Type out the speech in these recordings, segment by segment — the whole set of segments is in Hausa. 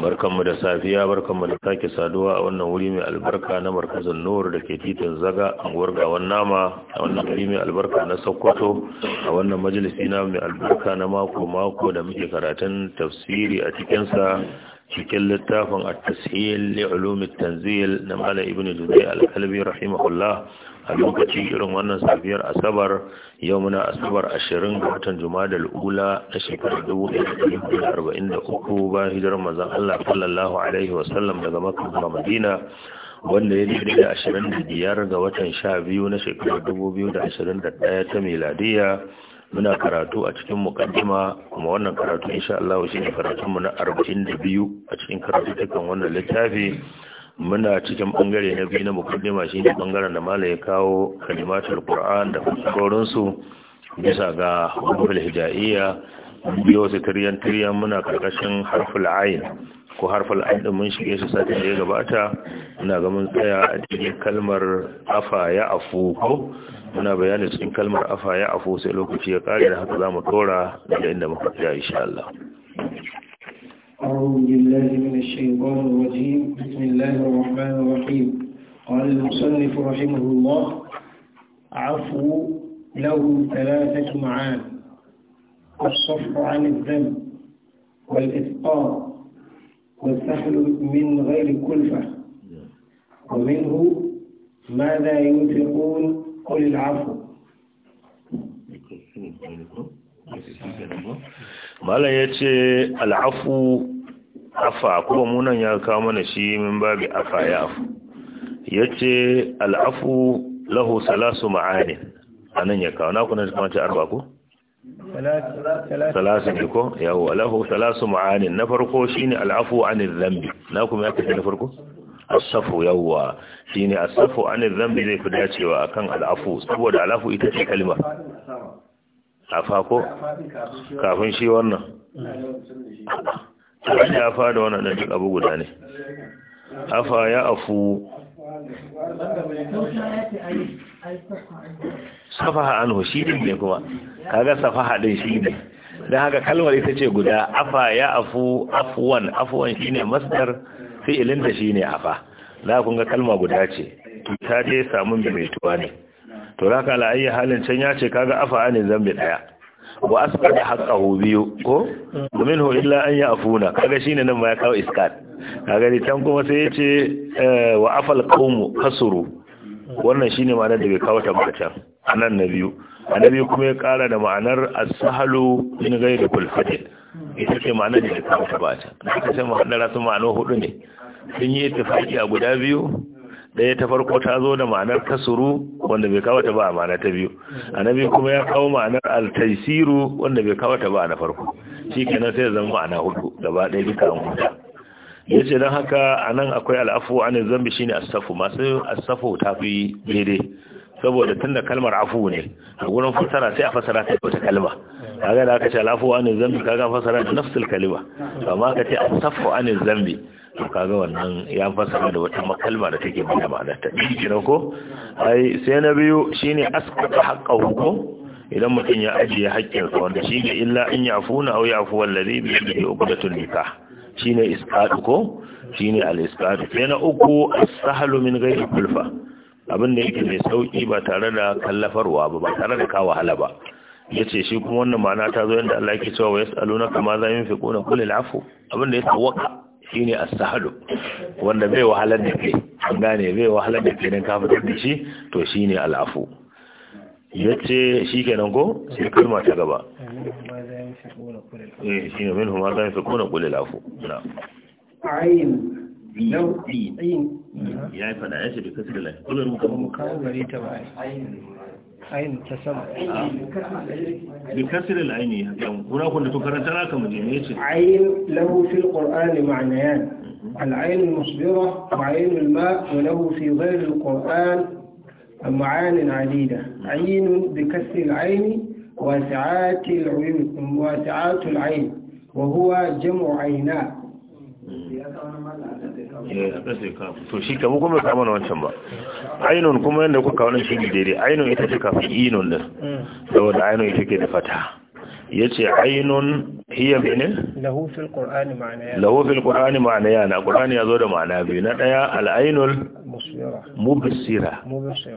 barkanmu da safiya barkanmu da sake saduwa a wannan wuri mai albarka na markazin nur da ke titin zaga anguwar gawan nama a wannan wuri mai albarka na sokoto a wannan majalisi na mai albarka na mako mako da muke karatun tafsiri a cikinsa cikin littafin at-tashil li tanzil na malam ibnu juzai al-kalbi rahimahullah a lokacin irin wannan safiyar asabar yau muna asabar ashirin ga watan da ula na shekarar dubu ɗaya arba'in da uku bayan hijirar mazan Allah sallallahu alaihi wasallam daga makka madina wanda ya daidai da ashirin da biyar ga watan sha biyu na shekarar dubu biyu da ashirin da ɗaya ta miladiya muna karatu a cikin mukaddima kuma wannan karatu insha Allah shi ne karatunmu na arba'in da biyu a cikin karatu takan wannan littafi muna cikin bangare na biyu na mukaddima shine bangaren da malai ya kawo kalimatul qur'an da fasarorin bisa ga huruful hijaiya biyo su tiryan tiryan muna karkashin harful la'ayin, ko harful la'ayin da mun shige su sati da gabata muna ga mun tsaya a cikin kalmar afa ya afu ko muna bayani cikin kalmar afa ya afu sai lokaci ya kare da haka za mu tora daga inda muka tsaya insha Allah أعوذ بالله من الشيطان الرجيم بسم الله الرحمن الرحيم قال المصنف رحمه الله عفو له ثلاثة معان الصفح عن الذنب والإثقار والسحل من غير كلفة ومنه ماذا ينفقون قل العفو malam ya ce al'afu afa kuma munan ya kawo mana shi min babi afa ya afu ya ce al'afu lahu salasu ma'anin a nan ya kawo na kuna kamata arba ku? salasu ne ko? yawo lahu salasu ma'anin na farko shi ne al'afu anil zambi na kuma ya kashe na farko? asafu yawwa shi ne asafu anil zambi zai fi dacewa a kan al'afu saboda al'afu ita ce kalmar afa ko kafin shi wannan ya fa da wannan duk abu guda ne afa ya afu safaha anhu shi ne kuma kaga safaha din shi ne dan haka kalmar ita ce guda afa ya afu afwan afwan shine masdar fi'ilin da shine afa za kun ga kalma guda ce ta dai samu mai tuwa ne to da ka la'ayi halin can ya ce kaga afa ne zambi daya wa asqata haqqahu biyu ko minhu illa an ya'funa kaga shine nan ma ya kawo iskat kaga ni can kuma sai ce eh, wa afal qawmu kasuru wannan shine ma'anar da bai kawo ta ba can anan na biyu annabi kuma ya kara da ma'anar sahalu. sahlu min da kulfatin ita ce ma'anar da bai kawo ta ba can da kace ma'anar su ma'anar hudu ne sun yi ittifaqi a guda biyu ɗaya ta farko ta zo da ma'anar kasuru wanda bai kawata ba a ma'ana ta biyu a na biyu kuma ya kawo ma'anar altaisiru wanda bai kawata ba a na farko shi kenan sai zama ma'ana hudu gaba ɗaya duka an huta ya ce don haka a nan akwai al'afu a nan zambi shine asafu masu asafu ta fi daidai saboda tunda kalmar afu ne a gurin fasara sai a fasara ta wata kalma kaga da aka ce al'afu a nan zambi kaga fasara da nafsul kalima amma aka ce asafu a nan zambi kaga wannan ya fasara da wata makalma da take bada ma'anarta kina ko ai sai na biyu shine asqata haqqahu ko idan mutum ya ajiye haƙƙin sa wanda shi illa in yafuna aw yafu wallazi bi yadihi uqdatun nikah shine isqatu ko shine al-isqatu sai na uku as-sahlu min ghayri kulfa abin da yake mai sauki ba tare da kallafarwa ba ba tare da ka wahala ba yace shi kuma wannan ma'ana ta zo yanda Allah yake cewa wa yas'alunaka ma za yunfiquna kullu al-afu abin da yake waka shine as-sahlu wanda bai wahalar da kai an gane bai wahalar da kai dan ka fitar da shi to shine al-afu shi kenan ko sai kalma ta gaba eh ne min huma zai fi kuna kulil afu na ayin ayin ya fada ya ce da kasar lai kuma rubuta kawo gari ta ba ayin عين بكسر العين هناك كنت كنت راك عين له في القرآن معنيان العين المصبرة وعين الماء وله في غير القرآن معان عديدة عين بكسر العين واسعات العين واسعات العين وهو جمع عيناء Eh, to shi kamar kuma ka mana wancan ba ainihin kuma yadda kuka wani shi ne daidai ainihin ita ce kafin inon din mm. saboda ainihin ita ke da fata ya ce ainihin hiyar benin Lahufin ƙorani ma'ana ma'ana na ƙorani ya zo da ma'ana biyu na ɗaya al'ainul Mubisira.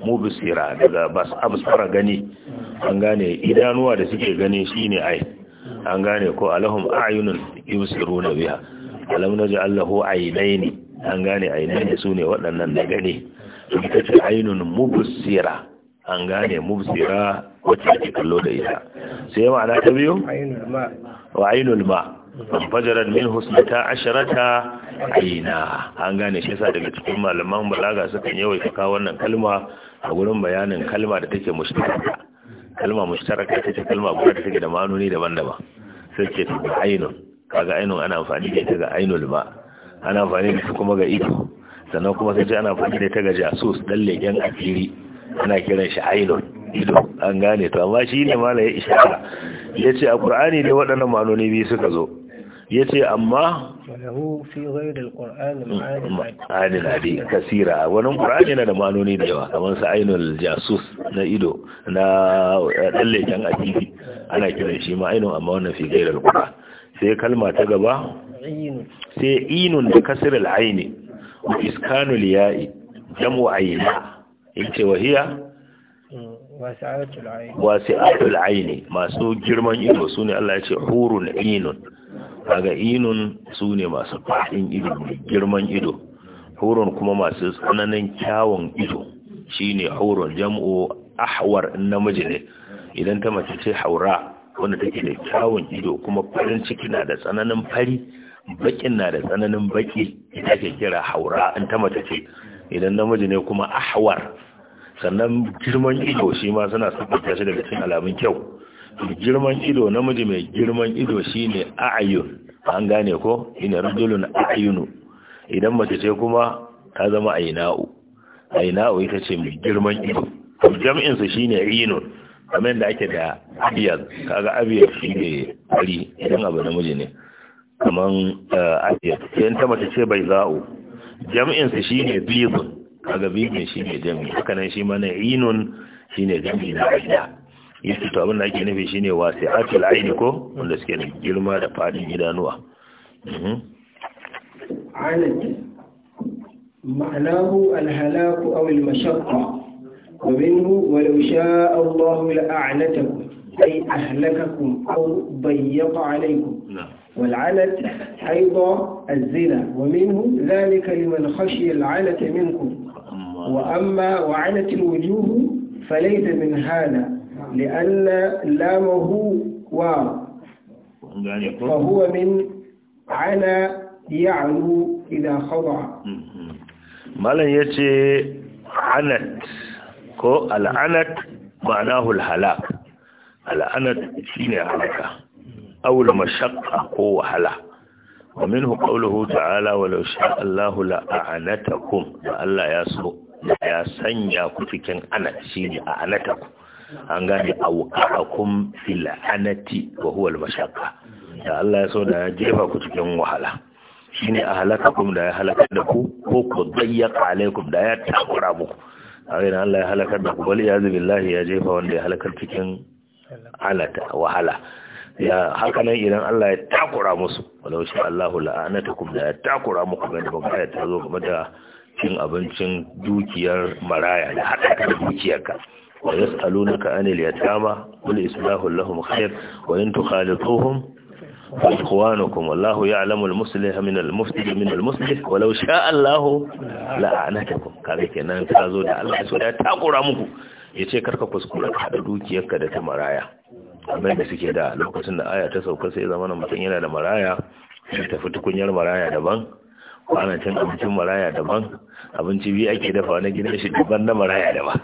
Mubisira daga bas absara gani mm. an gane idanuwa da suke gani shine ai an gane ko alahum a'yunun na biha alam ji allahu ainihin an gane ainihin su ne waɗannan da gani ita ce ainihin mubusira an gane mubusira wacce ake kallo da ita sai ya ma'ana ta biyu wa ainul ma fajarar min husnata asharata aina an gane shi yasa daga cikin malaman balaga sukan yawaita kawo wannan kalma a gurin bayanin kalma da take mushtaraka kalma mushtaraka ita ce kalma guda da take da manuni daban-daban sai ce ta ainun kaga ainihin ana amfani da ita ga ainihin ma ana amfani da su kuma ga ido sannan kuma sai ana amfani da ta gaji a sus dan leken asiri ana kiran shi ainun ido an gane to amma shi ne mala ya ishara ya ce a ƙur'ani ne waɗannan manoni biyu suka zo ya ce amma ma'anin adi kasira wani ƙur'ani na da manoni da yawa kamar su ainihin jasus na ido na ɗalle can a ana kiran shi ma ainihin amma wannan fi gairar ƙura sai kalma ta gaba sai inun da kasiril aini wa iskanul ya'i jamu in ce wahiya wasi'atul aini masu girman ido sune Allah ya ce hurun inun daga inun sune masu fadin ido girman ido hurun kuma masu tsananin kyawun ido Shi ne hurun jam'u ahwar namiji ne idan ta mace ce haura wanda take da kyawun ido kuma farin ciki na da tsananin fari bakin na da tsananin baki ita ke kira haura in ta mace ce idan namiji ne kuma ahwar sannan girman ido shi ma suna sabunta shi daga cikin alamun kyau girman ido namiji mai girman ido shi ne a'yun an gane ko ina rajulun a'yunu idan mace ce kuma ta zama aina'u aina'u ita ce mai girman ido jam'in su shine inun kamar da ake da abiyar kaga abiyar ne ari idan abu namiji ne kaman eh, asiya sai ta mace ce bai za'u jam'in su shine bizun kaga bizun shine jam'i haka nan shi mana inun shine jam'i na aida to abin da ake nufi shine wasi'atul aini ko wanda suke da girma da fadin idanuwa معناه الهلاك أو المشقة ومنه ولو شاء الله لأعنتكم أي أهلككم أو ضيق عليكم والعنت حيض الزنا ومنه ذلك لمن خشي العنت منكم وأما وعنت الوجوه فليس من هذا لأن لامه و فهو من على يعلو إذا خضع لن يتي عنت العنت معناه الهلاك العنت halak al'anat يعني؟ aw mashaqqa ko wahala wa minhu qawluhu ta'ala walau sha'a Allahu la a'anatakum da Allah ya so ya sanya ku cikin ana shine a anataku an gane awqa'akum fil anati wa huwa al mashaqqa da Allah ya so da ya jefa ku cikin wahala shine a halakakum da ya halaka da ku ko ku dayyaqa alaikum da ya taƙura takura muku ayin Allah ya halakar da ku bal ya billahi ya jefa wanda ya halakar cikin alata wahala ya haka nan idan Allah ya takura musu walau shi Allah la'anatukum da ya takura muku ga da baka ta zo game da cin abincin dukiyar maraya da hada ka dukiyarka wa yas'alunaka anil yatama qul islahu lahum khair wa in tukhalituhum fa ikhwanukum wallahu ya'lamu al-muslih min al-mufsid min al-muslih walau sha Allah la'anatukum kaga kenan ka zo da Allah ya takura muku yace karka kuskura ka da dukiyarka da ta maraya kamar da suke da lokacin da aya ta sauka sai zama mutum yana da maraya ya tafi tukunyar maraya daban kwanan abincin maraya daban abinci biyu ake dafa na gidan shi daban na maraya daban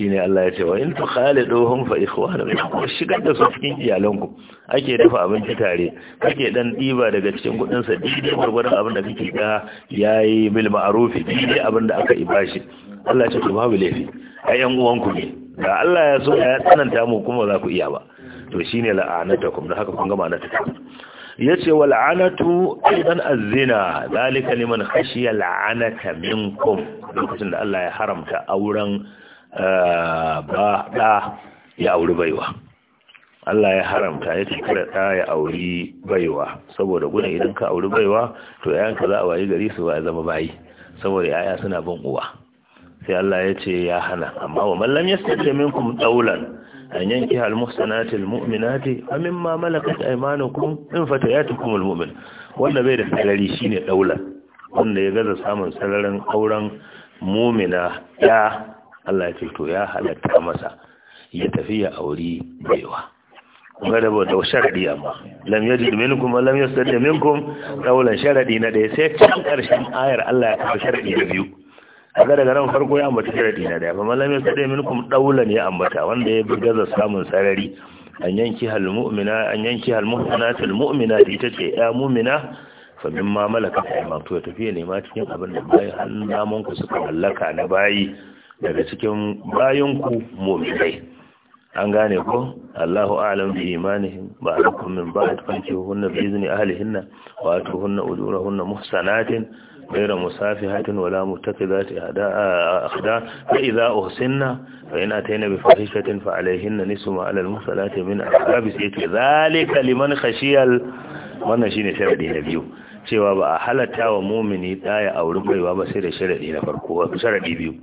ne Allah ya ce wa in tukhaliduhum fa ikhwanukum ku shigar da su cikin iyalanku ake dafa abinci tare kake dan ɗiba daga cikin kudin sa daidai gurgurdan abin da kake ga yayi bil ma'arufi daidai abin da aka ibashi Allah ya ce babu laifi yan uwanku ne da Allah ya so ya tsananta mu kuma za ku iya ba to shine la'anata da haka kun ga ma'anar ta yace wal anatu idan azina zalika liman khashiya la'anata minkum lokacin da Allah ya haramta auren eh, ba da ya auri baiwa Allah ya haramta ya ce kada da ya auri baiwa saboda gudun idan ka auri baiwa to yanka za a wayi gari su ba zama bayi saboda yaya suna bin uwa sai Allah ya ce ya hana amma wa mallam yastati minkum daulan an yanki al muhsanatil mu'minati fa mimma malakat aymanukum in fatayatukum al mu'min wanda bai da sarari shine daulan wanda ya gaza samun sararin auren mumina ya Allah ya ce to ya halatta masa ya tafi ya auri baiwa kuma da bauta sharadi amma lam yajid minkum wa lam yastad minkum qawlan sharadi na da sai karshen ayar Allah ya kafa sharadi da biyu kaga daga nan farko ya ambata sharadi na daya amma lam yasdi minkum dawlan ya ambata wanda ya bi gaza samun sarari an yanki hal mu'mina an yanki hal mu'minatul mu'mina ita ce ya mu'mina fa min ma malakat aymanu to tafiye ne ma cikin abin da bai hannun namun ku suka mallaka na bayi daga cikin ku mu'minai an gane ko Allahu a'lam bi imanihim ba'dakum min ba'd fankihuhunna bi izni ahlihinna wa atuhunna ujurahunna muhsanatin غير مسافحات ولا متخذات أخدان فإذا أحسن فإن أتينا بفاحشة فعليهن نصف ما على المحصنات من أصحاب ذلك لمن خشي wannan shine sharadi na biyu cewa ba a halatta wa mumini daya a wurin baiwa ba sai da sharadi na farko sharadi biyu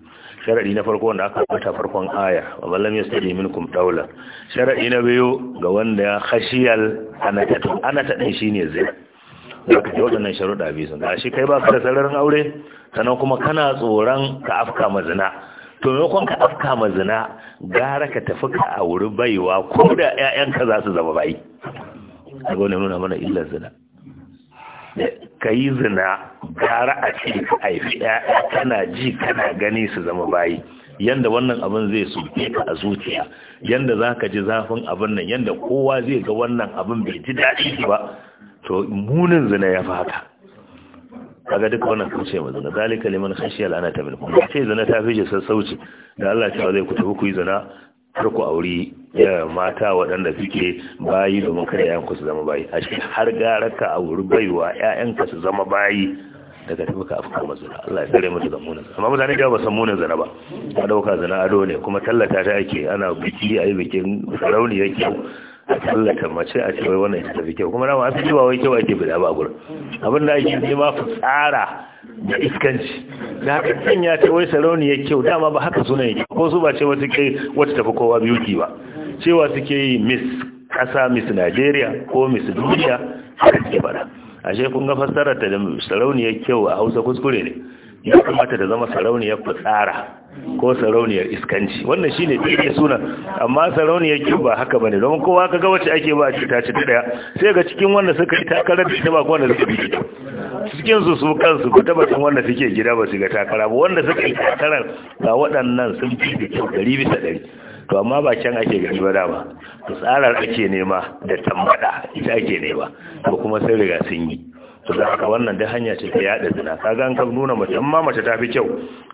sharadi na farko wanda aka ambata farkon aya wa lam yastaji minkum na biyu ga wanda ya khashiyal anata shine zai da ka ji waɗannan sharuɗa biyu sun gashi kai ba ka da sararin aure sannan kuma kana tsoron ka afka ma zina to maimakon ka afka ma zina gara ka tafi ka auri baiwa ko da ƴaƴanka za su zama bai a gwani nuna mana illar zina ka yi zina gara a ce ka haifi 'ya'ya kana ji kana gani su zama bayi yanda wannan abin zai ke ka a zuciya yanda za ka ji zafin abin nan yanda kowa zai ga wannan abin bai ji daɗi ba to munin zina ya fi haka kaga duka wannan kauce ma zina zalika liman khashiya ta min kuma ce zina ta fi je sassauci da Allah cewa zai ku tafi ku yi zina har ku auri mata waɗanda suke bayi domin kada ku su zama bayi a shi har gara ka auri baiwa yayan ka su zama bayi daga tafi ka afkar zina. Allah ya tsare mu da munin amma mutane da ba san munin zina ba a dauka zina ado ne kuma tallata ta ake ana biki a bikin sarauniya kyau a tallata mace a ce wai wannan ita tafi kyau kuma dama asali ba wai kyau ake bida ba babur abin da ake nema fa tsara da iskanci da haka kan ya ce wai ya kyau dama ba haka suna yake ko su ba ce wata kai wata tafi kowa ki ba cewa suke yi miss kasa miss Nigeria ko miss duniya haka suke fada ashe kun ga fassarar ta da ya kyau a Hausa kuskure ne ya kamata da zama sarauniyar fitsara ko sarauniyar iskanci wannan shi ne dai sunan amma sarauniyar kyau ba haka bane don kowa kaga wacce ake ba ci ta ci daya sai ga cikin wanda suka yi takarar da ba wanda suka yi cikin su su kansu ko tabbatar wanda suke gida ba su ga takara ba wanda suka yi takarar ga waɗannan sun fi da kyau ɗari bisa ɗari to amma ba can ake gani ba dama tsarar ake nema da tambada ita ake nema to kuma sai riga sun yi su da haka wannan da hanya ce ta yada zina ka ga an ka nuna mace amma mace ta fi kyau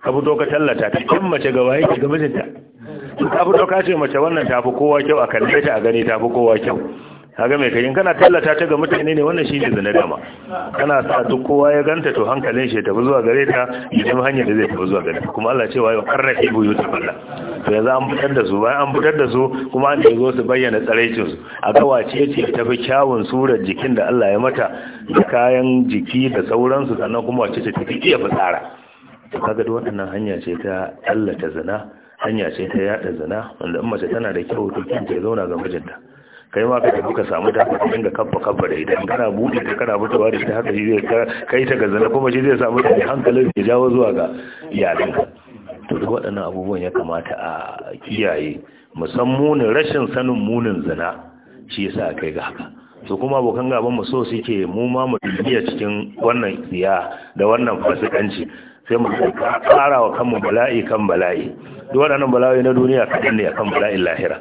ka fito ka tallata ta kin mace ga waye ga mijinta ka fito ka ce mace wannan ta fi kowa kyau a kalle ta a gani ta fi kowa kyau kaga mai kayin kana tallata ta ga mutane ne wannan shine zina dama kana sa duk kowa ya ganta to hankalin shi tafi zuwa gare ta idan hanyar da zai tafi zuwa gare ta kuma Allah ce cewa ya buyu ta Allah to yanzu an fitar da su bayan an fitar da su kuma an zo su bayyana tsaraicin su a ga wace ce tafi kyawun surar jikin da Allah ya mata da kayan jiki da sauransu sannan kuma wace ce tafi iya fitsara to kaga duk wannan hanya ce ta Allah ta zina hanya ce ta yada zina wanda in mace tana da kyau to kinta ya zauna ga mijinta kai ma ka tafi ka samu ta ka dinga kaffa kaffa da ita kana buɗe ta kana mutuwa da ita haka shi zai kai ta gazana kuma shi zai samu ta hankalin ya jawo zuwa ga iyalinka to duk waɗannan abubuwan ya kamata a kiyaye musamman rashin sanin munin zina shi yasa kai ga haka to kuma abokan gaban mu so suke mu ma mu cikin wannan tsiya da wannan fasikanci sai mu ƙara wa kanmu bala'i kan bala'i duk waɗannan bala'i na duniya kaɗan ne akan bala'in lahira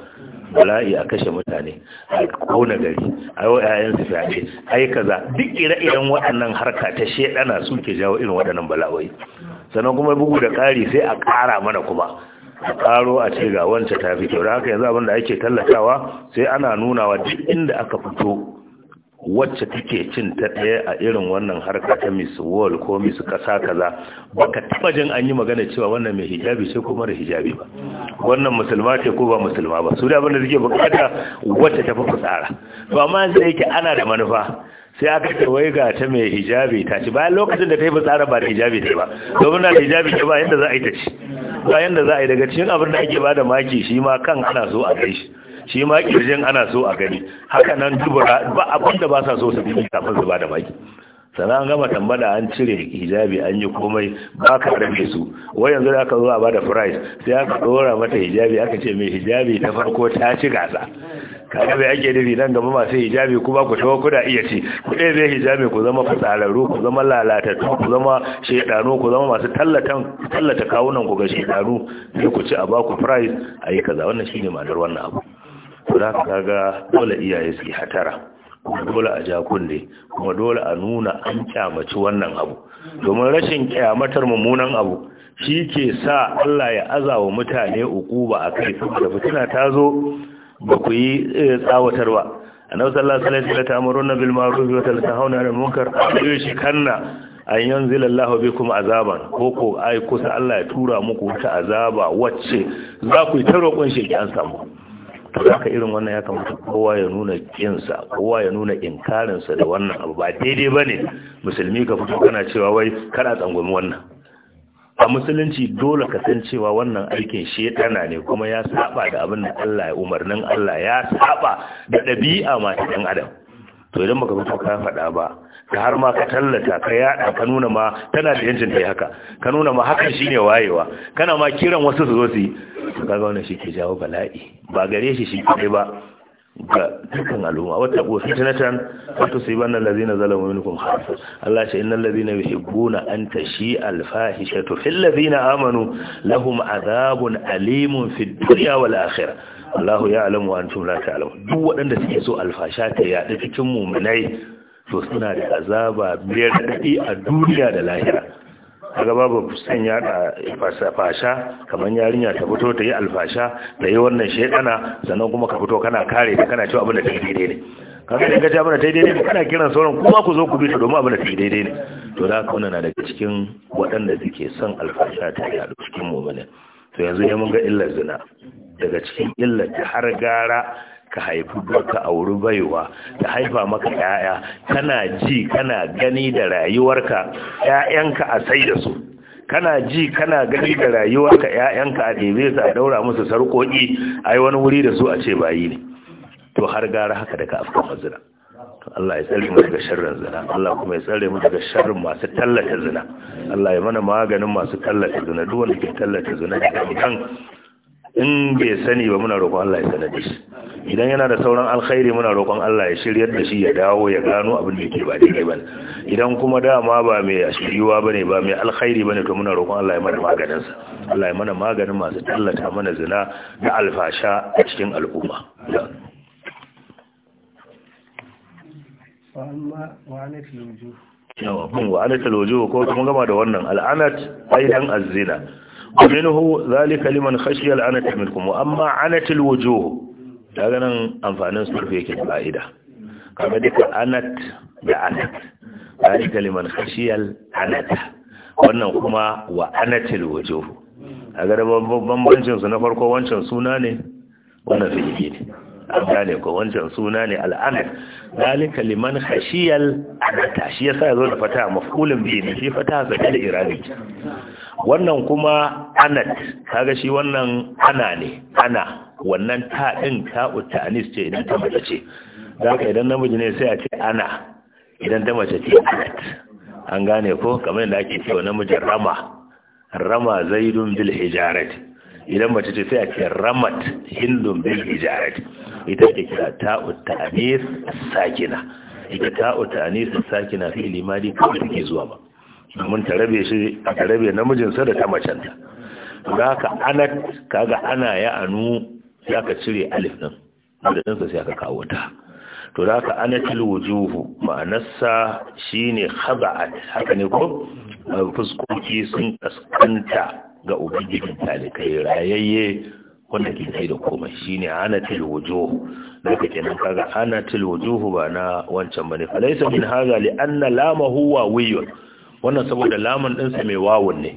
bala'i a kashe mutane a kona gari a yi 'ya'yansu su fyaɗe a yi kaza duk ire-iren waɗannan harka ta shaɗana su ke jawo irin waɗannan bala'o'i sannan kuma bugu da ƙari sai a ƙara mana kuma a ƙaro a ce ga wancan ta fito da haka yanzu abin da ake tallatawa sai ana nunawa duk inda aka fito wacce take cin ta ɗaya a irin wannan harka ta Miss wall ko Miss kasa kaza baka taba jin an yi magana cewa wannan mai hijabi sai ko mara hijabi ba wannan musulma ce ko ba musulma ba su da abin da suke bukata wacce ta fi tsara. to amma yanzu yake ana da manufa sai aka ce wai ga ta mai hijabi ta ci bayan lokacin da ta yi fitsara ba da hijabi ta ba domin na da hijabi ta ba yadda za a yi ta ci ba yadda za a yi daga cikin abin da ake bada maki shi ma kan ana so a kai shi shi ma kirjin ana so a gani haka nan dubura ba abin da ba sa so su bi kafin su bada da baki sannan an gama tambada an cire hijabi an yi komai ba ka rabe su wai yanzu da aka zo a bada price sai aka dora mata hijabi aka ce mai hijabi ta farko ta ci gasa kaga bai ake nufi nan gaba masu hijabi kuma ku tawo kuda iya ci ku ɗaya zai hijabi ku zama fitsararru ku zama lalatattu ku zama shaidanu ku zama masu tallata kawunan ku ga shaidanu sai ku ci a baku ku price a yi kaza wannan shine ma'anar wannan abu to za ka ga dole iyaye su hatara kuma dole a ja kuma dole a nuna an kyamaci wannan abu domin rashin kyamatar mummunan abu shi ke sa Allah ya azawa mutane uku ba a kai da fitina ta zo ba ku yi eh, tsawatar ba annabi sallallahu alaihi wasallam ta amuruna bil ma'ruf wa hauna da munkar shi kanna a yanzu yanzila bi kuma azaban ko ko ai kusa Allah ya tura muku wata azaba wacce za ku yi ta roƙon shi ki an samu to aka irin wannan ya kamata kowa ya nuna kinsa kowa ya nuna inkarinsa da wannan abu ba daidai ba ne musulmi ka fito kana cewa wai kana tsangwami wannan a musulunci dole ka san cewa wannan aikin shedana ne kuma ya saba da abin da Allah ya umarnin Allah ya saba da ɗabi'a masu ɗan adam to idan baka fito ka faɗa ba ka har ma ka tallata ka yada ka nuna ma tana da yancin ta haka ka nuna ma hakan shine wayewa kana ma kiran wasu su zo su yi kaga wannan shi ke jawo bala'i ba gare shi shi kai ba ga dukkan al'umma wata ko fitnatan wato sai ban Allah ce an fil amanu lahum azabun alimun fid wal akhirah Allahu ya alamu wa antum la ta'lamun duk waɗanda suke so alfasha ta yaɗa cikin muminai to suna da azaba biyar daɗi a duniya da lahira kaga babu san yaɗa fasha kamar yarinya ta fito ta yi alfasha ta yi wannan shedana sannan kuma ka fito kana kare ta kana cewa abin da ta yi daidai ne kaga da ka ja mana ta yi daidai ne kana kiran sauran kuma ku zo ku bi ta domin abin da ta yi daidai ne to da haka wannan na daga cikin waɗanda suke son alfasha ta yaɗa cikin muminai to yanzu ne mun ga illar zina daga cikin illar ta har gara ka haifi ka auri baiwa ta haifa maka yaya kana ji kana gani da rayuwarka yayanka a sai da su kana ji kana gani da rayuwarka yayanka a ɗebe su a daura musu sarƙoƙi a yi wani wuri da su a ce bayi ne to har gara haka da ka afka mazina Allah ya tsare mu daga sharrin zina Allah kuma ya tsare mu daga sharrin masu tallata zina Allah ya mana maganin masu tallata zina duk wanda ke tallata zina kan in bai sani ba muna roƙon Allah ya sanade shi idan yana da sauran alkhairi muna roƙon Allah ya shiryar da shi ya dawo ya gano abin da yake ba daidai ba idan kuma dama ba mai ashiriwa bane ba mai alkhairi bane to muna roƙon Allah ya mana maganin sa Allah ya mana maganin masu tallata mana zina da alfasha a cikin al'umma yawa kun wa anat alwujuh ko kuma gama da wannan al'anat aidan az-zina wa minhu zalika liman khashiya al'anat minkum wa amma anat alwujuh daga nan amfanin surfi yake da fa'ida kamar duka anat da anat zalika liman khashiya al'anat wannan kuma wa anat alwujuh a ga bambancin su na farko wancan suna ne wannan fi'ili ne an gane ko wancan suna ne al'amir dalika liman khashiyal anata shi yasa yazo da fata maf'ulun bi ne shi fata zakal irani wannan kuma anat kaga shi wannan ana ne ana wannan ta din ta utanis ce idan ta mace ce ka idan namiji ne sai a ce ana idan ta mace ce anat an gane ko kamar yadda ake cewa namijin rama rama zaidun bil hijarat idan mace ce sai a ce ramat hindun bil hijarat ita ke kira ta'u ta'anis sakina ita ta'u ta'anis sakina fi limadi kawai take zuwa ba domin ta rabe shi aka rabe namijinsa da ta macenta za ka ana kaga ana ya anu za ka cire alif da dinsa sai ka kawo ta to za ka ana ma'anarsa shine khaba'at haka ne ko fuskoki sun kaskanta ga ubangijin talikai rayayye wanda ke sai da komai shine anatil wujuh da kake nan kaga ana wujuh ba na wancan bane falaysa min hadha li anna lamahu wiyun wannan saboda lamun din sa mai wawun ne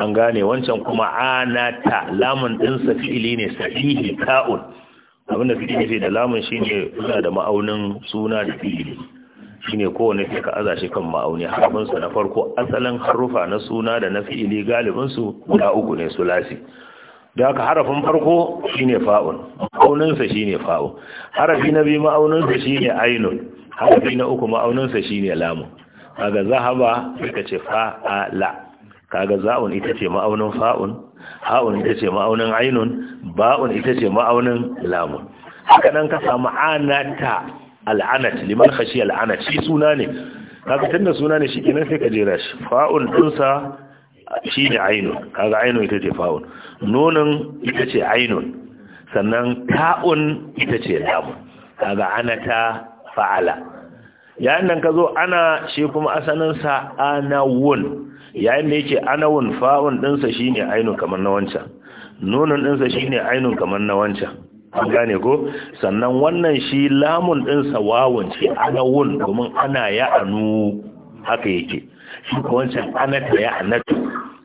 an gane wancan kuma anata lamun din sa fi'ili ne sahihi ta'un da suke nufi da lamun shine kula da ma'aunin suna da fi'ili shine kowane sai ka aza shi kan ma'auni harfinsa na farko asalin harufa na suna da na fi'ili galibinsu guda uku ne su sulasi da haka harafin farko shine fa'un ma'auninsa shine fa'un harafi na biyu ma'auninsa shine ainun harafi na uku ma'auninsa shine lamun kaga zahaba ita ce fa'ala kaga za'un ita ce ma'aunin fa'un ha'un ita ce ma'aunin ainun ba'un ita ce ma'aunin lamun haka nan ka samu anata al'anat liman khashi al'anat shi suna ne kaga tunda suna ne shi kenan sai ka jera shi fa'un dinsa shi ne ainihin kaga ainihin ita ce fa'un nunun ita ce ainihin sannan ta'un ita ce lamun kaga ana ta fa'ala yayin nan ka zo ana shi kuma asaninsa anawun yayin da yake anawun fa'un ɗinsa shi ne ainihin kamar na wancan nunun ɗinsa shi ne ainihin kamar na wancan an gane ko sannan wannan shi lamun ɗinsa wawon ce anawun domin ana ya anu haka yake shi ko wancan ta ya anatu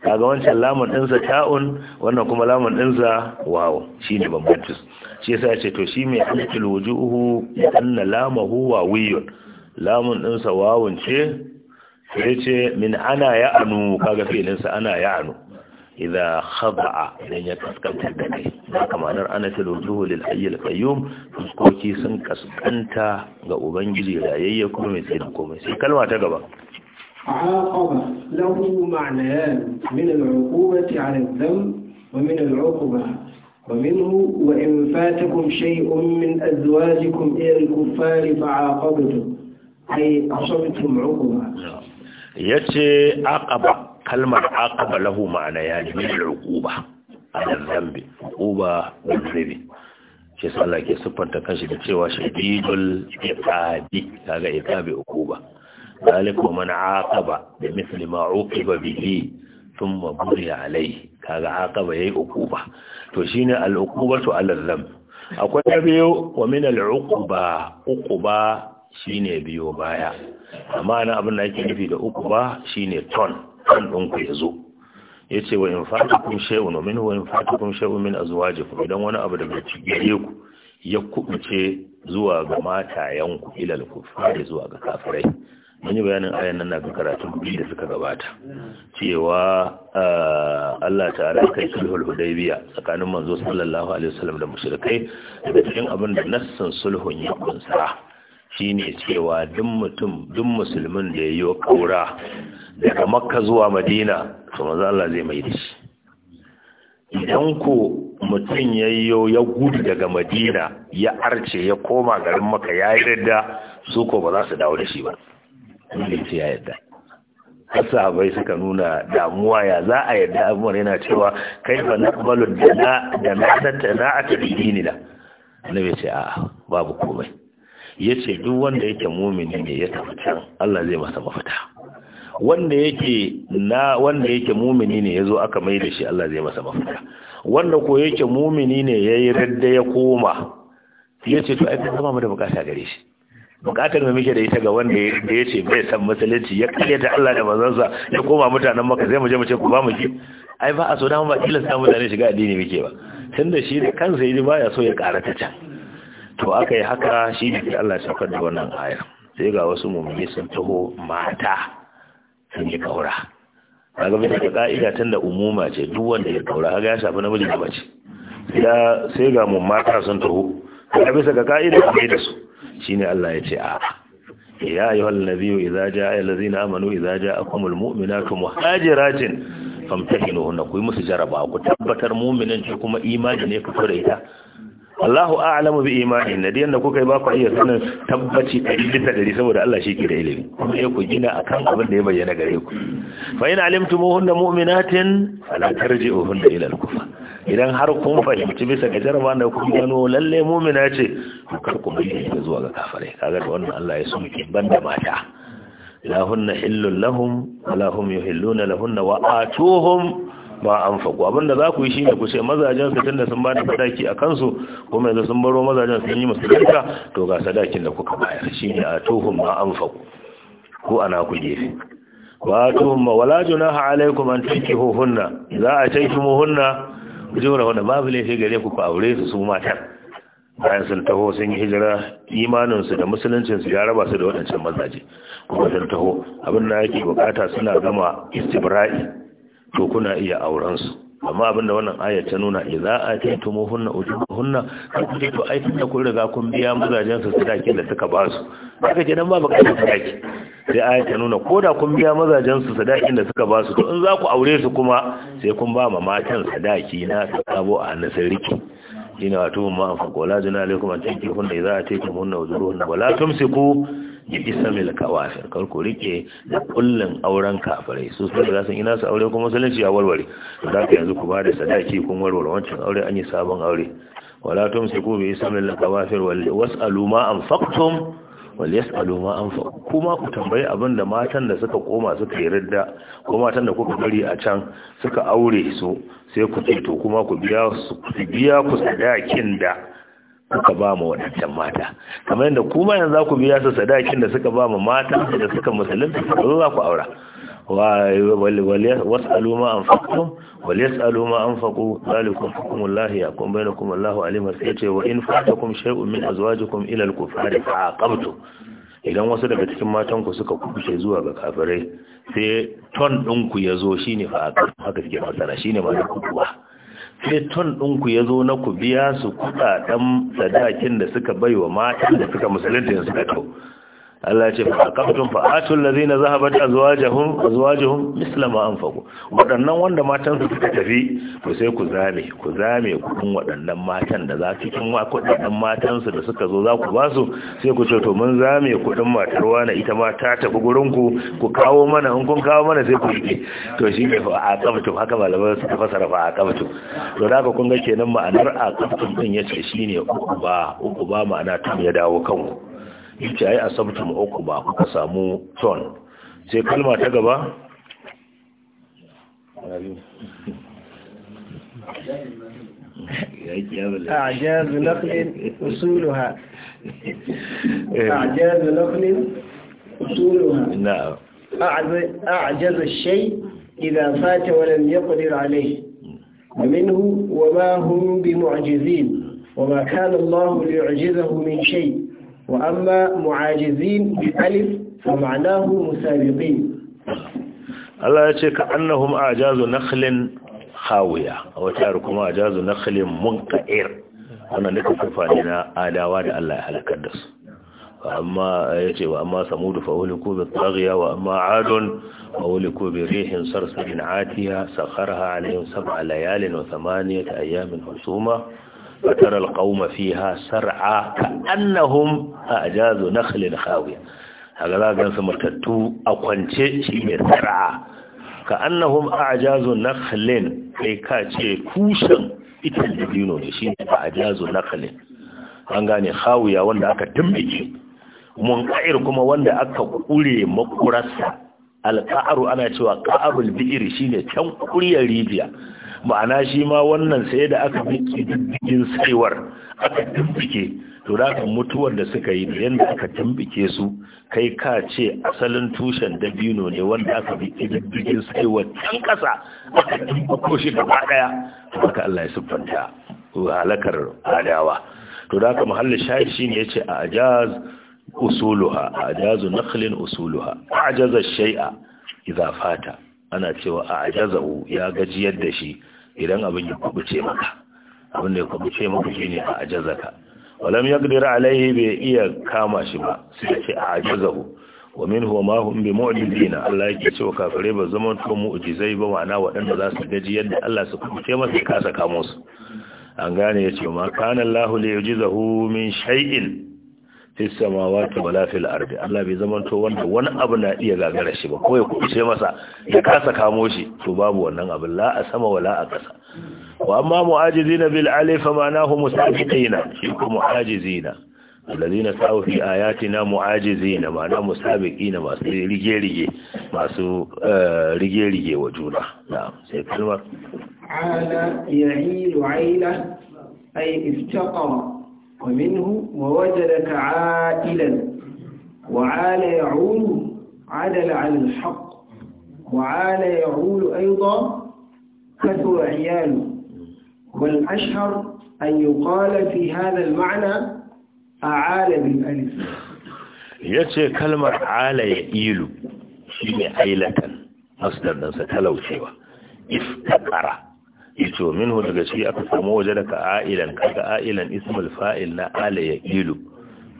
kaga wancan lamun ɗinsa ta'un wannan kuma lamun dinsa wawo shine ne shi yasa yace to shi mai alƙil wujuhu ya anna lamahu wawiyun lamun ɗinsa wawon ce to min ana ya anu kaga fiyelinsa ana ya anu idan khaba'a idan ya kaskanta da kai na kamanar ana ta lojuhu lil qayyum fuskoki sun kaskanta ga ubangiji rayayya kuma mai tsira komai sai kalma ta gaba عاقبة له معنيان من العقوبة على الذنب ومن العقوبة ومنه وإن فاتكم شيء من أزواجكم إلى الكفار فعاقبتم أي أصبتم عقوبة يتي عقبة كلمة عقبة له معنيان يعني من العقوبة على الذنب عقوبة والذنب shi sallah ke siffanta kanshi da cewa shadidul iqabi kaga iqabi ukuba zalika man aqaba da misli ma uqiba bihi thumma buriya kaga aqaba yayi uquba to shine al-uqubatu ala dhanb akwai ta biyo wa min al-uquba uquba shine biyo baya amma abin da ake nufi da uquba shine ton ton din ku yazo yace wa in fatakum shay'un min wa in fatakum shay'un min azwajikum idan wani abu daga cikin ku ya kubuce zuwa ga matayen ku ilal kufari zuwa ga kafirai mun yi bayanin ayan nan na ga karatun biyu da suka gabata cewa Allah ta'ala kai sulhul hudaybiya tsakanin manzo sallallahu alaihi wasallam da mushrikai da cikin abin da nassan sulhun ya kunsa shine cewa duk mutum duk musulmin da yayi kaura daga makka zuwa madina to manzo Allah zai mai da shi idan ko mutum yayyo ya gudu daga madina ya arce ya koma garin maka ya yarda su ko ba za su dawo da shi ba dole ce ya yadda bai suka nuna damuwa ya za a yadda abubuwan yana cewa kai fa da dana da na tattana a tadinina bai ce a'a babu komai Ya ce duk wanda yake mumini ne ya tafi can Allah zai masa mafita wanda yake na wanda yake mumini ne zo aka mai da shi Allah zai masa mafita wanda ko yake mumini ne yi radda ya koma yace to ai zama mu da bukata gare shi bukatar mu muke da ita ga wanda da ya ce bai san musulunci ya karyata Allah da bazansa ya koma mutanen maka sai mu je mu ce ku ba mu ki ai ba a so mu ba kila sa mutane shiga addini muke ba tunda shi da kansa yaji baya so ya karata can to aka yi haka shi ne Allah ya da wannan aya sai ga wasu mummuni sun taho mata sun yi kaura kaga bin da ka'ida tunda umuma ce duk wanda ya kaura kaga ya shafi namiji da mace sai ga mun mata sun taho ka bisa ga ka'ida a mai da su ne Allah ya ce a ya ayyuhal nabiyyu idza jaa allazina amanu idza ja'akumul mu'minatu muhajiracin famtahinuhunna ku yi musu jaraba ku tabbatar mu'minin ci kuma imani ne ku kure ita Allahu a'lamu bi imani na da kuka yi ba iya sanin tabbaci a bisa gari saboda Allah shi ke da ilimi kuma ya ku gina kan abin da ya bayyana gare ku fa in alimtumuhunna mu'minatin fala tarji'uhunna ila al kufa idan har kun fahimci bisa ga jaraba da kun gano lalle mumina ce kar ku bari ta zuwa ga kafare kaga da wannan Allah ya so ki banda mata lahunna hillul lahum wala hum yuhilluna lahunna wa atuhum ma Abin abinda za ku yi shine ku ce mazajen su tunda sun ba da sadaki a kansu kuma yanzu sun baro mazajen sun yi sadaka to ga sadakin da kuka bayar shine atuhum ma fago ko ana ku gefe wa atuhum wala junaha alaikum an hunna za a hunna. jura wanda babu laifi gare ku ku aure su su matan bayan sun taho sun yi hijira imaninsu da musuluncinsu ya raba su da waɗancan mazaje kuma sun taho abin da yake bukata suna gama istibra'i to kuna iya aurensu amma abin da wannan ayar ta nuna idza ataytumu hunna ujuhunna kace to ai da kun riga kun biya mazajen su sadaki da suka ba su haka kenan ba bukatar sadaki sai aya ta nuna ko da kun biya mazajen su sadakin da suka ba su to in za ku aure su kuma sai kun ba ma matan sadaki na sabo a nasar riki shine wato ma fakola jina alaikum an tanki hunna idza atikum hunna wujuruhunna wala tumsiku bi ismil kawafir kar ku rike da kullun auren kafirai su sun da san ina su aure kuma musulunci ya warware da ka yanzu ku ba da sadaki kun warware wancan aure an yi sabon aure wala tumsiku bi ismil kawafir wal wasalu ma anfaqtum wal yas'alu ma anfa kuma ku tambayi abinda matan da suka koma suka yi ko matan da kuka bari a can suka aure su sai ku ce to kuma ku biya su biya ku sadakin da kuka ba mu wadannan mata kamar yadda kuma yanzu za ku biya su sadakin da suka ba mu mata da suka musulunta za ku aura wasalu ma an faƙon walisalu ma an faƙo zalikun hukumun lahiya kun bai na kuma Allahu alimar sai ce wa in fata kuma a min azwajikum ilal kufari fa aqabtu idan wasu daga cikin matan ku suka kuce zuwa ga kafirai sai ton din ku yazo shine fa aqabtu haka suke masana shine ma ku kuwa sai ton din ku yazo na ku biya su kuɗaɗen sadakin da suka baiwa matan da suka musulunta suka kyau. Allah ya ce faqabtum fa'atul ladina zahabat azwajuhum azwajuhum misla ma anfaqu wadannan wanda matan su suka tafi to sai ku zame ku zame kudin wadannan matan da za cikin wadannan matan su da suka zo za ku ba su sai ku ce to mun zame kudin matar wani ita ma ta tafi gurin ku ku kawo mana in kun kawo mana sai ku yi to shi ne fa aqabtum haka malaman su tafasa fa aqabtum to da ka kun ga kenan ma'anar aqabtum din yace shine uku ba uku ba ma'ana tun ya dawo kanku yace ai uku ba kuka samu ton sai kalma ta gaba أعجاز نقل أصولها أعجاز نقل أصولها نعم أعجز الشيء إذا فات ولم يقدر عليه ومنه وما هم بمعجزين وما كان الله ليعجزه من شيء وأما معاجزين بألف فمعناه مسابقين الله يشك أنهم أعجاز نخل خاوية أو تاركم أعجاز نخل منقئر أنا نكفف عننا على وعد الله أهل كدس وأما, وأما ثمود فأولكوا بالطغية وأما عاد فأولكوا بريح صرصر عاتية سخرها عليهم سبع ليال وثمانية أيام حسومة فترى القوم فيها سرعا كأنهم أعجاز نخل خاوية هكذا كان سمرتتو أقنشي شيء سرعا كأنهم أعجاز نخل كي كاتشي كوشن itin da dino ne shi ne a jazo an gane khawuya wanda aka tumbike mun ka'ir kuma wanda aka kure makurarsa alka'aru ana cewa ka'arul bi'ir shine can kuriyar rijiya ma'ana shi ma wannan sai da aka biki diddigin saiwar aka tambike. to da aka mutuwar da suka yi da yadda aka tambike su kai ka ce asalin tushen dabino ne wanda aka biki diddigin saiwar can kasa aka dimbiko shi gaba daya haka Allah ya siffanta halakar adawa to da aka mahalli shayi shine yace a ajaz usuluha ajazu nakhlin usuluha ajaza shay'a idza fata ana cewa a ajazahu ya gajiyar da shi idan abin ya kubuce maka abin da ya kubuce maka ne a ajazaka walam yaqdir alaihi bai iya kama shi ba sai ce a ajazahu wa huwa ma hum bi mu'jizina Allah yake cewa kafirai ba zaman to mu'jizai ba ma'ana waɗanda za su gaji yadda Allah su kubuce masa kasa kamo su an gane ya ce ma kana Allah li yujizahu min shay'in fis samawati wala fil ardi Allah bai to wanda wani abu na iya gagara shi ba ko ya kuce masa ya kasa kamo shi to babu wannan abin la a sama wala a kasa wa amma mu'ajizina bil alif ma'anahu musabiqina shi ko mu'ajizina alladhina sa'u fi ayatina mu'ajizina ma'ana musabiqina masu rige rige masu eh, rige rige wa juna na'am sai kalmar ala ya'ilu aila ay iftaqama ومنه ووجدك عائلا وعال يعول عدل عن الحق وعال يعول أيضا كثر عياله والأشهر أن يقال في هذا المعنى أعال بالألف yace كلمة عال يعيل في عيلة أصدر masdar din شيء talaucewa yace minhu daga shi aka samu waje daga ailan kaga ailan ismul fa'il na ala yaqilu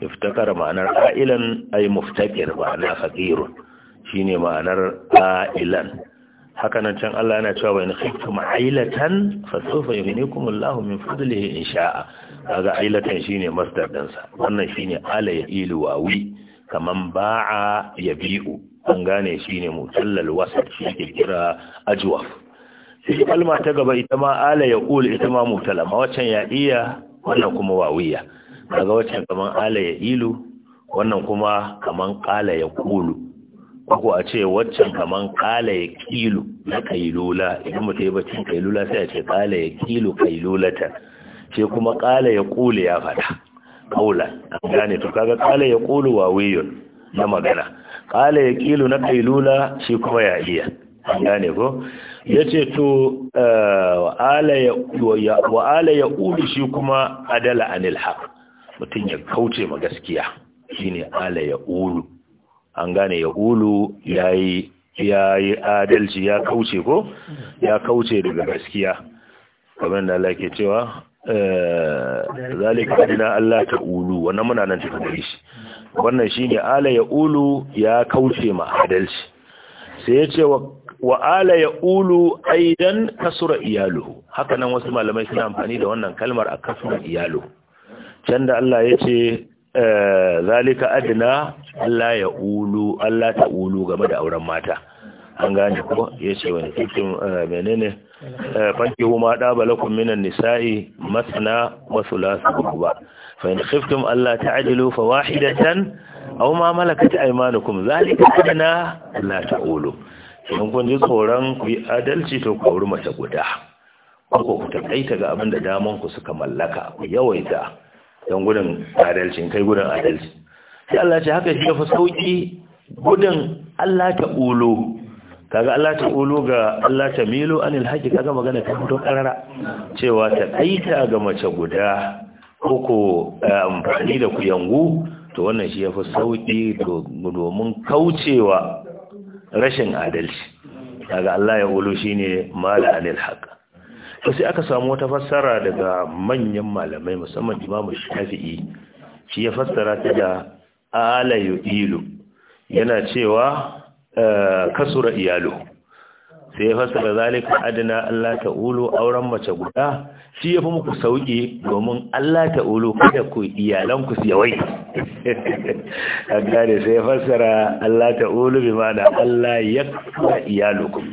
iftakara ma'anar ailan ay muftakir ma'ana faqirun shine ma'anar ailan haka nan can Allah yana cewa bayan khiftum ailatan sawfa yughnikum Allahu min fadlihi in sha'a kaga ailatan shine masdar din sa wannan shine ala yaqilu wawi kaman ba'a yabi'u an gane shine mutallal wasat shi kira ajwaf sai kalma ta gaba ita ma ala ya ƙul ita ma mutalama waccan ya iya wannan kuma wawiya daga waccan kaman ala ya ilu wannan kuma kamar ƙala ya ƙulu ko a ce waccan kaman ƙala ya ƙilu na ƙailula idan mutum ya bacin ƙailula sai a ce ƙala ya ƙilu ƙailulata sai kuma ƙala ya ƙulu ya faɗa ƙaula an gane to kaga ƙala ya ƙulu wawiyun na magana ƙala ya ƙilu na ƙailula shi kuma ya iya an gane ko eh, ya ce to wa'ala ya uli shi kuma adala anil haq mutum ya kauce ma gaskiya shine ala ya ulu an gane ya ulu ya yi adalci ya kauce ko ya kauce daga gaskiya kamar da Allah ke cewa eh, zalika dina Allah ta ulu wannan muna nan tafi shi wannan shine ala ya ulu ya kauce ma adalci sai ya ce wa wa ala ya ulu aidan kasura iyaluhu haka nan wasu malamai suna amfani da wannan kalmar a kasura iyaluhu can da Allah ya ce eh, zalika adina Allah ya ulu Allah ta ulu game da auren mata an gane ko ya ce wani cikin eh, menene eh, fanki huma da balakun minan nisa'i masna wa thulatha ba fa in khiftum Allah ta'dilu fa wahidatan aw ma malakat aymanukum zalika adna la ta'ulu in kun ji tsoron ku yi adalci to ku auri mace guda ko ku taƙaita ga abin da daman ku suka mallaka ku yawaita don gudun adalcin kai gudun adalci sai Allah ce haka shi ya fi sauƙi gudun Allah ta ulo kaga Allah ta ulo ga Allah ta milo anil haƙi kaga magana ta fito ƙarara cewa ta ɗaita ga mace guda ko ko eh, amfani da ku yangu to wannan shi ya fi sauƙi domin kaucewa rashin adalci daga Allah ya shi shine mala anil haka sai aka samu wata fassara daga manyan malamai musamman Imam Shafi'i shi ya fassara ta da ala yu'ilu yana cewa eh, kasura iyalu sai ya da zalika adana Allah ta'ulu auren mace guda shi ya fi muku sauƙi domin Allah ta'ulu kada ku iyalanku su yawai a gane sai ya fasara Allah ta'ulu bi mana Allah ya kuma iyalukum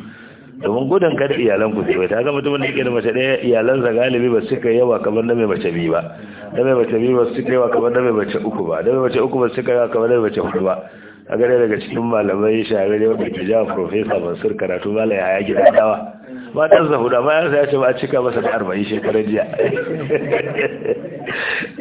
domin gudun kada iyalanku su yawai ta zama mutumin da yake da mace ɗaya iyalansa galibi ba suka yawa kamar na mai mace biyu ba da mai mace biyu ba suka yawa kamar na mai mace uku ba da mai mace uku ba suka yawa kamar na mai mace hudu ba a gare daga cikin malamai shahararri wadda ke jawa profesa mansur karatu malaya ya gida dawa matan zahuda bayan sa ya ce ba cika masa da arba'in shekarar jiya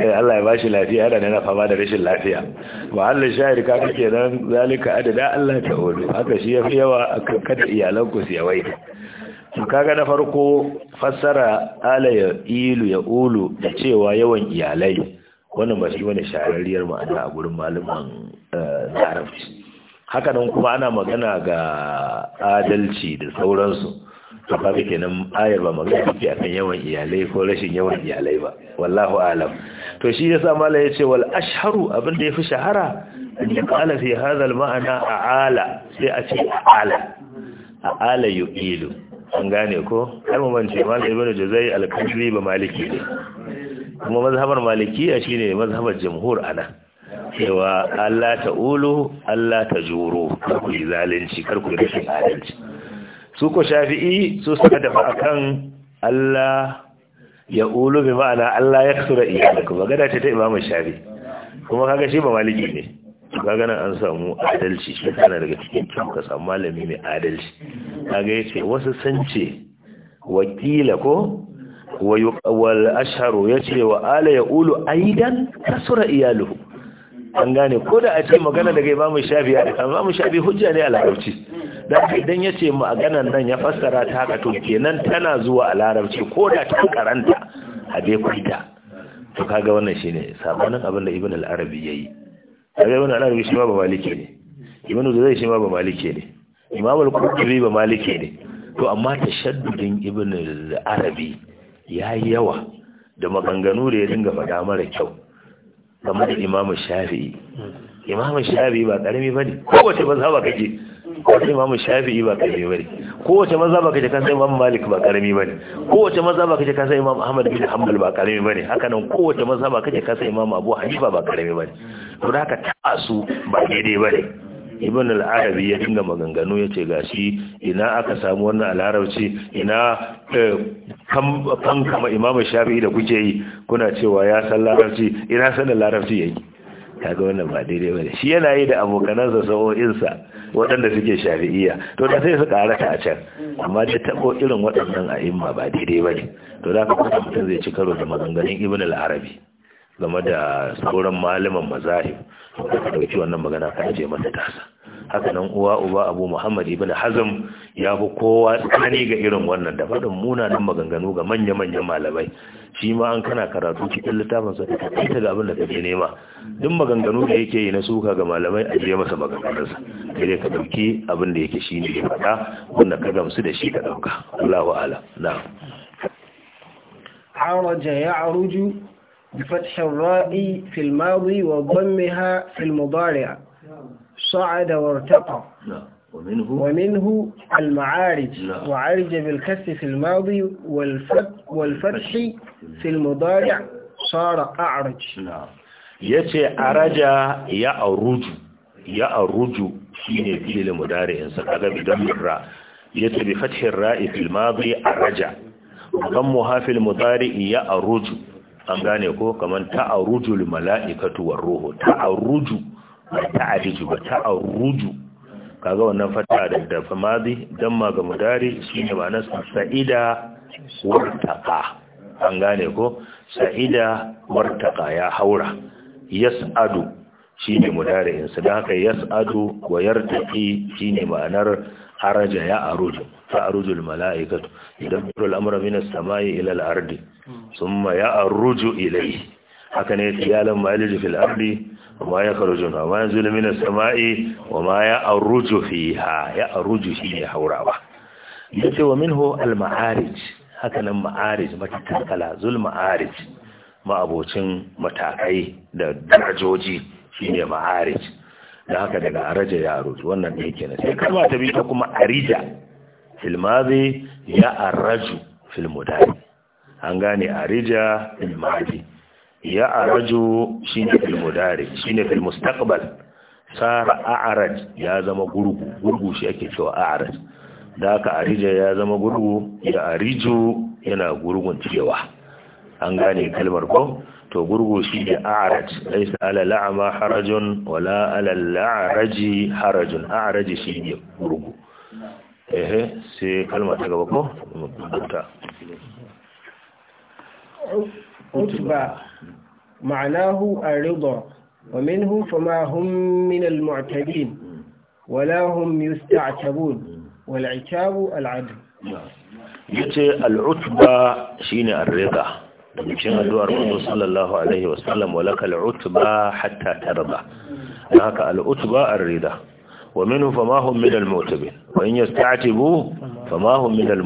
eh, Allah ya ba shi lafiya yana nuna fama da rashin lafiya muhallin shahid ka kake nan zalika adada Allah ta hudu haka shi ya fi yawa a kada iyalanku su ka kaga na farko fassara ala ya ilu ya ulu da cewa yawan iyalai wannan ba shi wani shahararriyar ma'ana a gurin malaman larabci haka nan kuma ana magana ga adalci da sauransu ta kaga kenan ayar ba magana take akan yawan iyalai ko rashin yawan iyalai ba wallahu alam to shi yasa mala yace wal asharu abin da yafi shahara Inda qala fi hadha al ma'ana aala sai a ce aala aala yu'ilu an gane ko har mu bance mala ibnu juzai al-kashri ba maliki ne kuma mazhabar shi shine mazhabar jumhur ana cewa Allah ta ulu, Allah ta juro karku yi zalunci karku yi rashin adalci su ko shafi'i su suka dafa akan Allah ya ulu bi ma'ana Allah ya kasura iyalaku magana ce ta imamu shafi kuma kaga shi ba maliki ne ba gana an samu adalci shi na daga cikin ka samu malami mai adalci kaga yace wasu ce wakila ko yuqawal ashharu yace wa ala ya ulu aidan kasura iyaluhu an gane ko da a ce magana daga imamu shafi ya rika imamu shafi hujja ne a larabci dan idan ya ce maganan nan ya fassara ta haka to kenan tana zuwa a larabci ko da ta karanta a bai kwita to kaga wannan shine sabanin abin da ibn al-arabi yayi kaga ibn al-arabi shi ma ba maliki ne ibn zai shi ma ba maliki ne imam al-qurtubi ba maliki ne to amma tashaddudin ibn al-arabi yayi yawa da maganganu da ya dinga faɗa mara kyau game da imamu shafi'i imamu shafi'i ba karami bane kowace mazhaba kake kowace imamu shafi'i ba karami bane kowace mazhaba kake kan sai imamu malik ba karami bane kowace mazhaba kake kan sai imamu ahmad bin hanbal ba karami bane haka nan kowace mazhaba kake kan sai imamu abu hanifa ba karami bane to da ta su ba daidai bane ibn al-arabi ya dinga maganganu ya ce gashi ina aka samu wannan al-arabci ina eh, kan kama imamu shafi'i da kuke yi kuna cewa ya san larabci ina san larabci yayi kaga wannan ba daidai bane shi yana yi da abokanansa sa'o'insa waɗanda suke shafi'iyya to da sai su karata a can amma da tabo irin waɗannan a'imma ba daidai bane to da ka kuma mutum zai ci karo da maganganun ibn al-arabi game da sauran malaman mazahib da dauki wannan magana ka aje mata tasa haka nan uwa uba abu muhammad ibn hazm ya fi kowa tsani ga irin wannan da faɗin munanan maganganu ga manya-manyan malamai shi ma an kana karatu cikin littafin sa ka kaita ga abin da kake nema duk maganganu da yake yi na suka ga malamai a je masa maganganunsa sai dai ka dauki abin da yake shine ya faɗa wanda ka gamsu da shi ka dauka Allahu a'lam na'am عرج يعرج بفتح الراء في الماضي وضمها في المضارع صعد وارتقى نعم. ومنه, ومنه المعارج نعم. وعرج بالكث في الماضي والفتح في المضارع صار أعرج نعم. يتي عرج يا أرج يا أرج فيه في المضارع سقد بدم الراء يتي بفتح الراء في الماضي عرج وضمها في المضارع يا أرج an gane ko kamar ta'arujul mala'ikatu war ruhu ta'aruju ba ta'ariju ba ta'aruju kaga wannan fata da da famazi damma ga mudari shine ma'anar sa'ida wartaqa an gane ko sa'ida wartaqa ya haura yas'adu shine mudari sa dan haka yas'adu wa yartaqi shine ma'anar haraja ya aruju ta'arujul mala'ikatu idan turul amra minas samai ila al-ardi summa ya'ruju ilai haka ne iyalan ma'alij fil ardi wa ya na wa yanzu minas sama'i wa ma ya'ruju fiha ya'ruju shi ne haurawa yace wa minhu al ma'arij haka nan ma'arij matakala zul ma'arij ma'abocin matakai da darajoji ne ma'arij da haka daga araja ya aruju wannan ne kenan sai kalma ta bi ta kuma arija fil madi ya araju fil an gane arija ilmadi ya araju shi ne filmudari shi ne filmustakbal tsara a'araj ya zama gurgu gurgu shi ake cewa a'araj da aka arija ya zama gurgu ya ariju yana gurgun cewa an gane kalmar ko to gurgu shi ne a'araj laisa ala ma harajun wala ala la'araji harajun a'araji shi ne gurgu ehe sai kalmar ta gaba ko عتبة معناه الرضا ومنه فما هم من المعتدين ولا هم يستعتبون والعتاب العدل يتي العتبى شين الرضا يمكن أدوى الرسول صلى الله عليه وسلم ولك العتبى حتى ترضى هناك العتبى الرضا ومنه فما هم من المعتبين وإن يستعتبوا fama hum min ya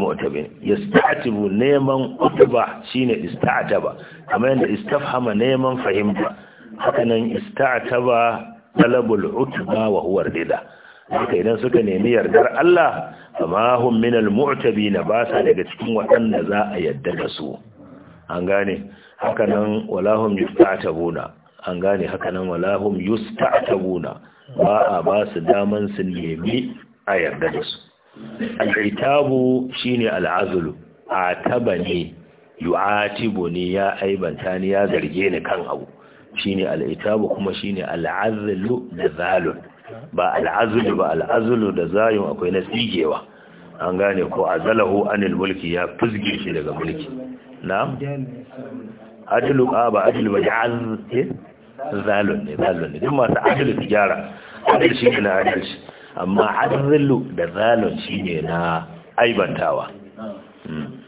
yasta'tibu neman utba shine ista'ataba. kamar yadda istafhama neman fahimta haka nan ista'taba talabul utba wa huwa ridda haka idan suka nemi yardar Allah fama hum min ba sa daga cikin waɗanda za a yadda da su an gane haka nan walahum yusta'tabuna an gane haka nan yusta'tabuna ba a ba su daman su nemi a yarda da su al'itabu shine al'azulu atabani yu'atibuni ya aibanta ni ya zarge ni kan abu shine al'itabu kuma shine al'azlu da zalun ba al'azlu ba al'azlu da zayun akwai na tsigewa an gane ko a zalahu anil mulki ya fuzge shi daga mulki na'am adlu ah, ba adlu ba ja'az eh? zalun ne zalun ne duk masu adlu gyara, adlu shi ne na adalci amma harzillu da zalun shine na aibantawa hmm.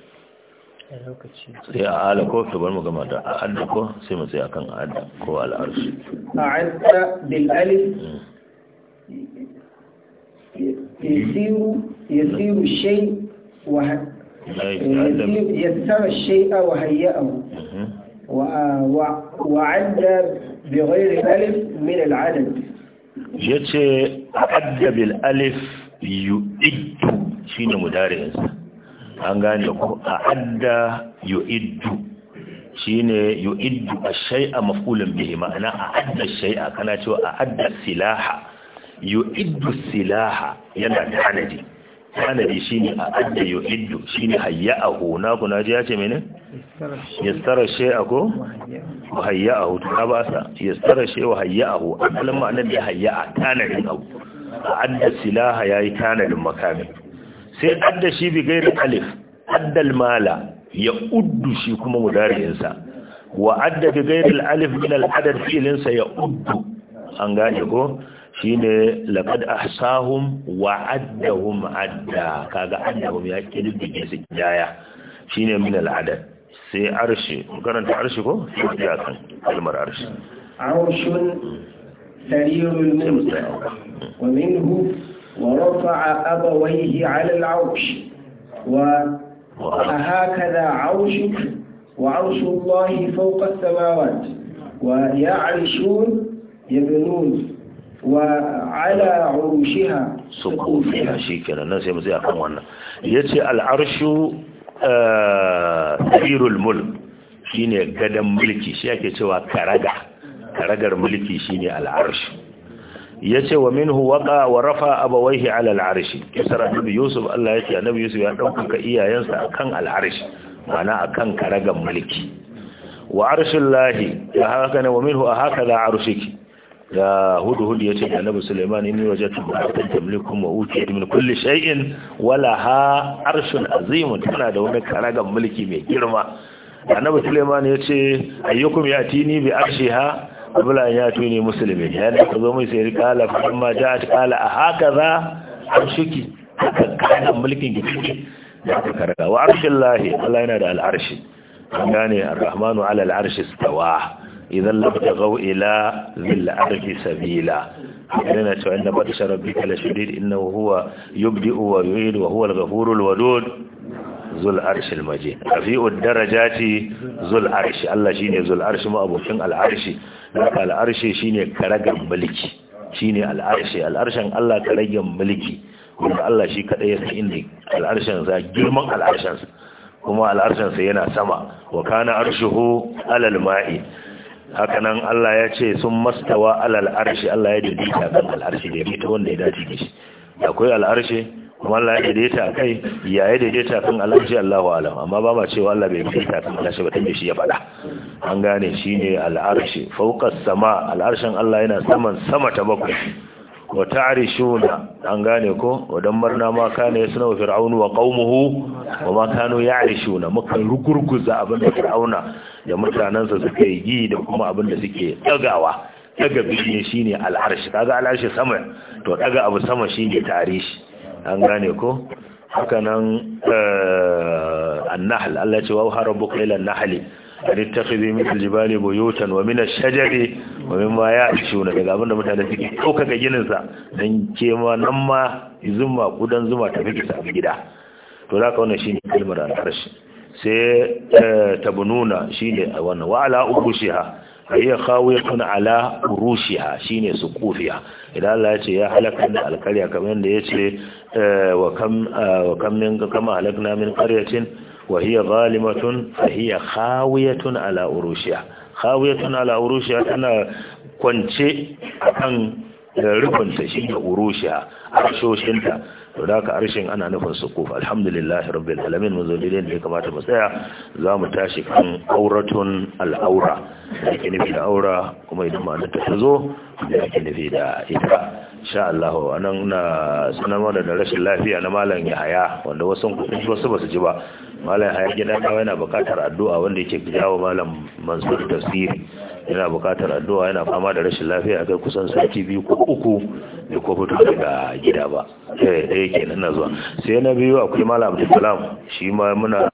sai a ala ko to bar mu gama da adda ko sai mu tsaya kan adda ko a a'adda bil alif hmm. yasiru yasiru shay wa يسر hmm. wa adda bi بغير ألف min al'adadi ya ce addabil alif yu iddu shi ne mudarinsa an gane ko a adda iddu shi ne iddu a shai'a mafulin bihi ma'ana a adda shai'a kana cewa a adda silaha yu iddu silaha yana da hanadi tanadi shi ne a adda Shi ne hayya'ahu na ku na ji ya ce mene shi a ko wa hayya'ahu ta ba sa yastara shi wa hayya'ahu kalin ma'anar da hayya'a tanadin abu a adda silaha ya yi tanadin makamin. sai adda shi bi gairi alif addal mala ya uddu shi kuma mudari'in sa wa adda bi gairi alif min al'adar filinsa ya uddu an gane ko shine laqad ahsahum wa addahum adda kaga addahum ya kididdige su kidaya shine min al'adad sai arshi karanta arshi ko sai kan kalmar arshi arshun sarirul mumsa wa minhu wa rafa'a abawayhi 'ala al'arsh wa هكذا عرشك وعرش الله فوق السماوات ويعرشون يبنون وعلى عروشها سقوفها شكرا الناس يمزي أكم وانا يتي العرش دير الملك شيني قدم ملكي شاكي توا كرقع كرقر ملكي mulki, العرش ya ce wa minhu waka wa rafa abawaihi alal al'arshi. kisar annabi yusuf Allah yake nabi yusuf ya ɗaukaka iyayensa akan al'arshi mana akan karagar mulki wa arshin lahi ya haka ne wa minhu a haka da arshiki da hudu hudu ya ce da annabi Sulaiman inni wajadtu ba'atan tamlikum wa utiyat min kulli shay'in wala ha arshun azim tana da wani karagan mulki mai girma annabi Sulaiman ya ce ayyukum yatini bi arshiha qabla an yatini muslimin ya da zo mai sai kala amma ja'at kala a hakaza arshuki haka karagan mulkin gidanki da aka karaga wa arshillahi Allah yana da al'arshi gane ar-rahmanu ala al-arshi istawa idan lam tagaw ila zil arshi sabila yana cewa inna batsha rabbika la shadid innahu huwa yubdi'u wa yu'id wa huwa al-ghafurul wadud zul arshil majid rafi'ud darajati zul arshi Allah shine zul arshi ma abokin al arshi haka al arshi shine karagan mulki shine al arshi al arshin Allah karagan mulki wanda Allah shi kadai ya san inda al arshin za girman al arshin kuma al arshin sa yana sama wa kana arshuhu alal ma'i hakanan Allah ya ce sun mastawa alal arshi Allah ya daidaita kan al'arshi da ya wanda ya dace da shi akwai al'arshi kuma Allah ya daidaita kai ya ya ta kan al'arshi Allahu alam amma ba ma cewa Allah bai daidaita kan al'arshi ba tun da shi ya faɗa an gane shine al'arshi fawqa sama al'arshin Allah yana saman sama ta bakwai wa ta'rishuna an gane ko wadan marna ma kana yasna fir'aunu wa qaumuhu wa ma kanu ya'rishuna muka rugurguza abin da fir'auna da mutanansa suke yi da kuma abin da suke dagawa daga bishin shine al'arshi kaga al'arshi sama to daga abu sama shine tarishi an gane ko haka nan eh, annahl Allah ya ce wa rabbuka ila an-nahli an min al-jibali buyutan wa min ash-shajari domin ma ya ishe wani daga abinda mutane suke ginin gininsa don ke ma nan ma zuma kudan zuma ta fi kisa gida to za ka wannan shi ne kalmar al'arshi sai eh, tabununa shi ne a wannan wa'ala urushiha a iya khawiyatun ala urushiha shi ne su kufiya idan Allah ya ce ya halaka da alkarya kamar yadda ya ce eh, eh, wa kam min kama halakna min karyatin wa hiya zalimatun fa hiya khawiyatun ala urushiha khawiyatun tana urushiha tana kwance akan rukunta shi da urushiha arshoshinta to da ka arshin ana nufin sukuf alhamdulillah rabbil alamin mun da ya kamata mu tsaya za mu tashi kan auratun al'aura da ake nufi da aura kuma idan ma'anar ta zo da ake nufi da ita sha Allah nan na sanarwa da rashin lafiya na malam Yahaya wanda wasu kudin wasu basu ji ba malam haya gidan dawa yana bukatar addu'a wanda yake jawo malam Mansur tafsiri yana bukatar addu'a yana fama da rashin lafiya kai kusan sarki biyu ko uku da ko fito daga gida ba eh, kenan na zuwa sai na biyu akwai malam Abdulsalam shi ma muna